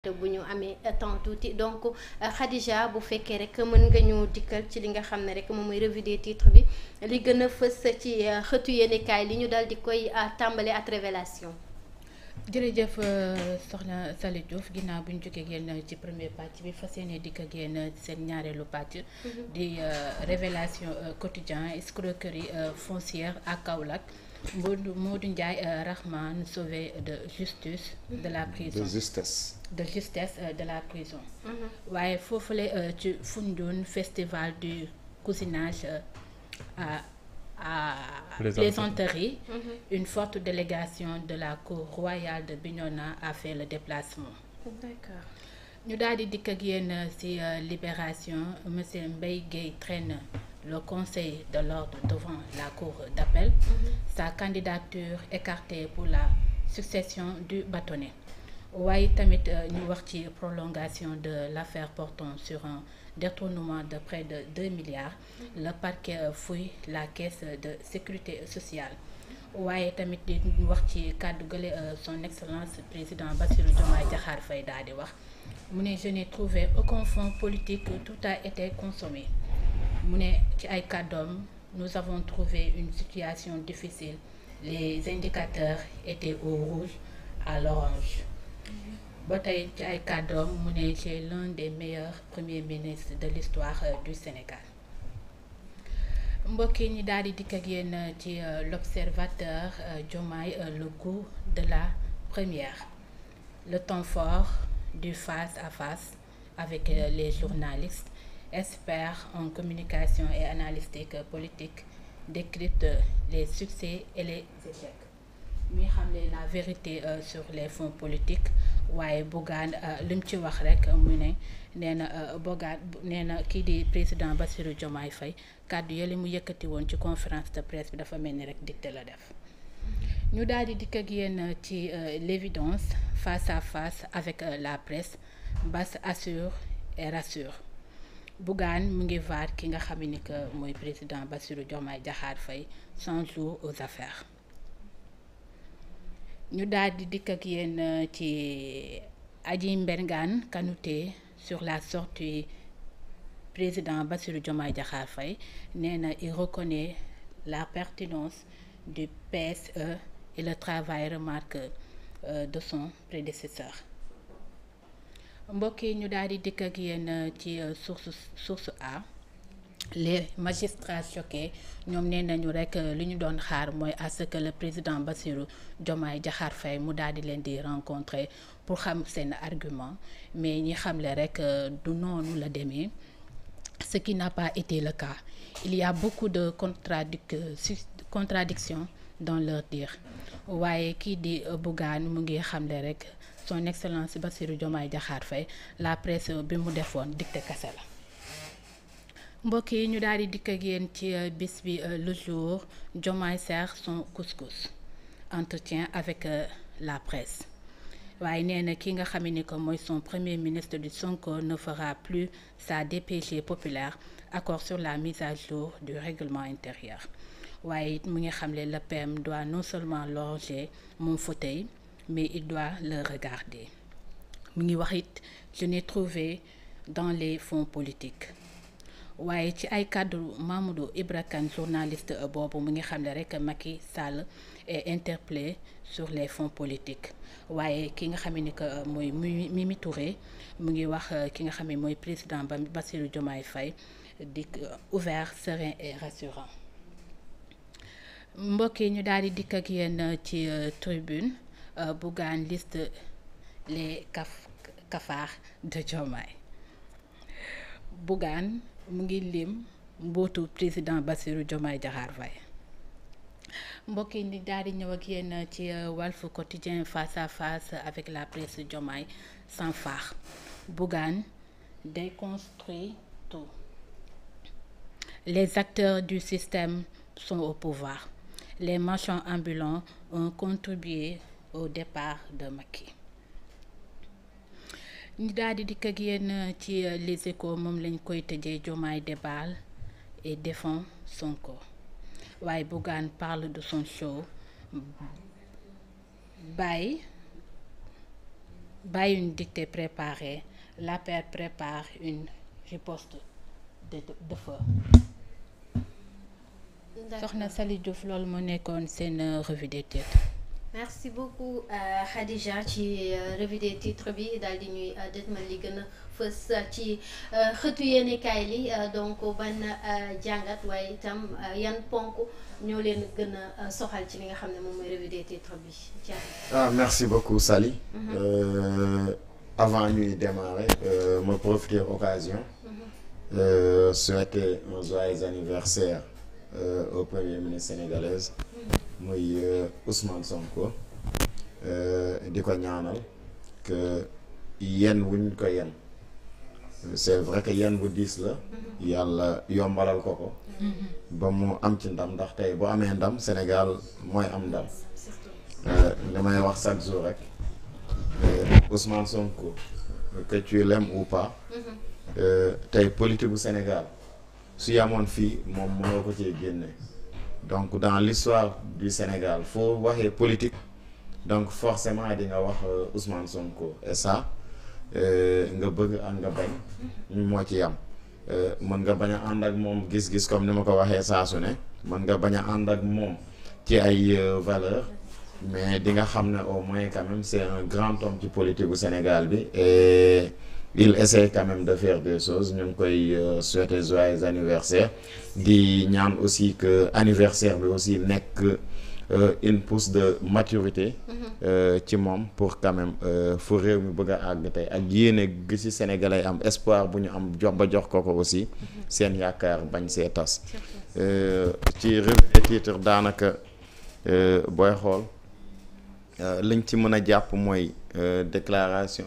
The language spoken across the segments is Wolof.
te bu ñu amee temps donc euh, Khadija bu féké rek mën nga ñu dikkal ci li nga xamné rek moom mooy revue des titres bi li gëna fess ci euh, xëtu yéenekaay li ñu dal di koy euh, tambalé à révélation jërëjëf soxna Sali Diouf ginnaaw bi ñu jógee yéen ci premier pàcc bi fas yéene dikk ak yéen seen ñaareelu pàcc. Mhm. di révélation quotidien escroquerie foncière à Kaolack. Nous Modou Ndiaye euh, Rahman sauvé de justice de la prison de justesse de euh, de la prison mhm. waaye foofule euh, ci un festival du cousinage à plaisanterie mhm. une forte délégation de la cour royale de Bignona a fait le déplacement d'accord avons dit que que ak yéen ci libération monsieur Mbaye traîne le Conseil de l'ordre devant la Cour d'appel, mhm. sa candidature écartée pour la succession du bâtonnet. waaye tamit euh, ñu prolongation de l'affaire portant sur un détournement de près de 2 milliards mhm. le parquet fouille la caisse de sécurité sociale tamit ñu wax ci euh, son excellence président Bassirou Diomaye je n'ai trouvé aucun fonds politique tout a été consommé nous avons trouvé une situation difficile les indicateurs étaient au rouge à l'orange ba tey l'un des meilleurs premiers ministres de l'histoire euh, du Sénégal Mbokini Dari euh, euh, l'observateur Jomay le goût de la première le temps fort du face à face avec les journalistes expert en communication et analytique politique, décrypte les succès et les échecs. muy xamle la vérité euh, sur les fonds politiques waaye Bougane euh, li mu ci wax rek mu ne nee na euh, Bougane nee di président Bassirou Diomaye Faye kàddu yële mu yëkkati woon ci conférence de presse bi dafa mel ni rek dicté la def ñu daal di ak yéen euh, ci l'évidence face à face avec la presse Bass assure et rassure Bougane mu qui vaar ki nga président Bassirou Diomaye Diakhar Faye sans aux affaires Nous avons di que Adjim Bengan, sur la sortie président Bassirou Diomaye Diakhar Faye il reconnaît la pertinence du PSE et le travail remarqué euh, de son prédécesseur mbokk ñu daal euh, euh, source A les magistrats choqués rek que le président Bassirou Diomaye mu pour xam argument mais nous le rek euh, du la ce qui n'a pas été le cas il y a beaucoup de contradictions dans leur dire son excellence Bassirou Diomaye Diakhar Faye la presse bi mu dicté kase la mbokki ñu daali dik ak yeen ci euh, bis bi euh, le jour Diomaye sert son couscous entretien avec euh, la presse waaye néna ki nga xamé ni que son premier ministre du Sonko ne fera plus sa DPG populaire accord sur la mise à jour du règlement intérieur waaye it mu ngi le PM e doit non seulement loger mon fauteuil mais il doit le regarder. Miniwarit, je n'ai trouvé dans les fonds politiques. Waye ci ay cadre Mamadou Ibra journaliste bobu mu ngi xam ne rek Macky Sall est interpellé sur les fonds politiques Waye ki nga que moy Mimi Touré mu ngi wax ki nga xam euh, moy euh, président Bassirou Diomaye Faye euh, ouvert serein et rassurant mbokk yi ñu daal di dikk ak yéen ci tribune. Euh, Bougane liste les cafards de Diomaye Bougane Mugilim, Mboutou, président Bassirou Diomaye Diakhar Faye Dari, yi ni euh, Walf Quotidien face à face avec la presse Diomaye sans phare Bougane déconstruit tout les acteurs du système sont au pouvoir les marchands ambulants ont contribué au départ de Macky ñi daal dit que ak yéen euh, ci euh, Les Échos moom lañ koy tëjee Diomaye déballe et défend son corps. waaye Bougan parle de son show Baye Baye une dictée préparée la paire prépare une riposte de de feu. soxna Sali Diouf loolu moo nekkoon seen euh, revue des têtes merci beaucoup euh, Khadija ci euh, revue des titres bi dal di ñuy euh, dëtmal li gëna a ci xëtu kay li donc ban jangat way tam yan ponku ñoo leen gën soxal ci li nga xam mom moy revue des titres bi ah merci beaucoup Sally mhm. avant ñuy démarrer me profiter occasion mhm. souhaiter un joyeux anniversaire au premier ministre sénégalaise muy euh, Ousmane Sonko euh diko ñaanal que yenn wuñ ko yenn c'est vrai que yenn bu dis la yalla yombalal koko am ci ndam ndax bu ndam Sénégal am ndam euh, wax chaque jour rek euh, Ousmane Sonko que tu l'aimes ou pas es politique du Sénégal su yamone mon mom donc dans l'histoire du Sénégal voir les politique donc forcément di nga wax euh, Ousmane Sonko et ça euh, nga bëgg ak nga bañ mo ci yam euh, mën nga baña and ak mom gis-gis comme nima ko waxé saa su ne nga baña and ak mom ci ay valeur mais di nga xam au moins quand même c'est un grand homme du politique au Sénégal bi et il essaie quand même de faire des choses ñu ngi koy euh, souhaiter joyeux anniversaire di ñaan aussi que anniversaire mais aussi nek euh, une pousse de maturité mhm. euh, ci moom pour quand même fu réew mi bëgg a àgg tey ak yéene gi sénégalais am espoir bu ñu am jox ba jox aussi mhm. seen yaakaar bañ see tas ci revue des titres daanaka booy hall, liñ ci mën a jàpp déclaration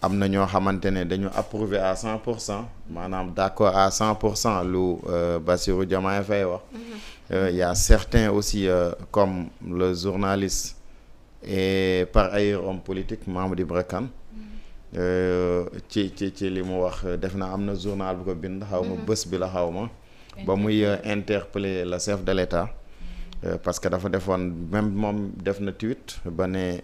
am na ñoo xamante ne dañu approuvé à 100%, pour cent maanaam d'accord à 100% pour cent lu euh, Bassirou Diamaye fay wax mm-hmm. euh, y a certains aussi euh, comme le journaliste et par ailleurs homme politique Mamadou Ibra Kane mm-hmm. euh, ci ci ci li mu wax def na am na journal bu ko bind xaw ma mm-hmm. bés bi la xaw ma ba muy interpeller le chef de l'État euh, parce que dafa defoon même moom def na tweet ba ne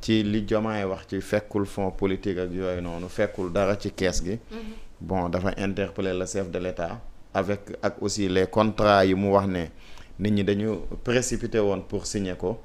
ci li Diomaye wax ci fekkul fonds politique ak yooyu noonu fekkul dara ci kees gi mhm. bon dafa interpeller le chef de l'État avec ak aussi les contrats yi mu wax ne nit ñi dañu précipité woon pour signer ko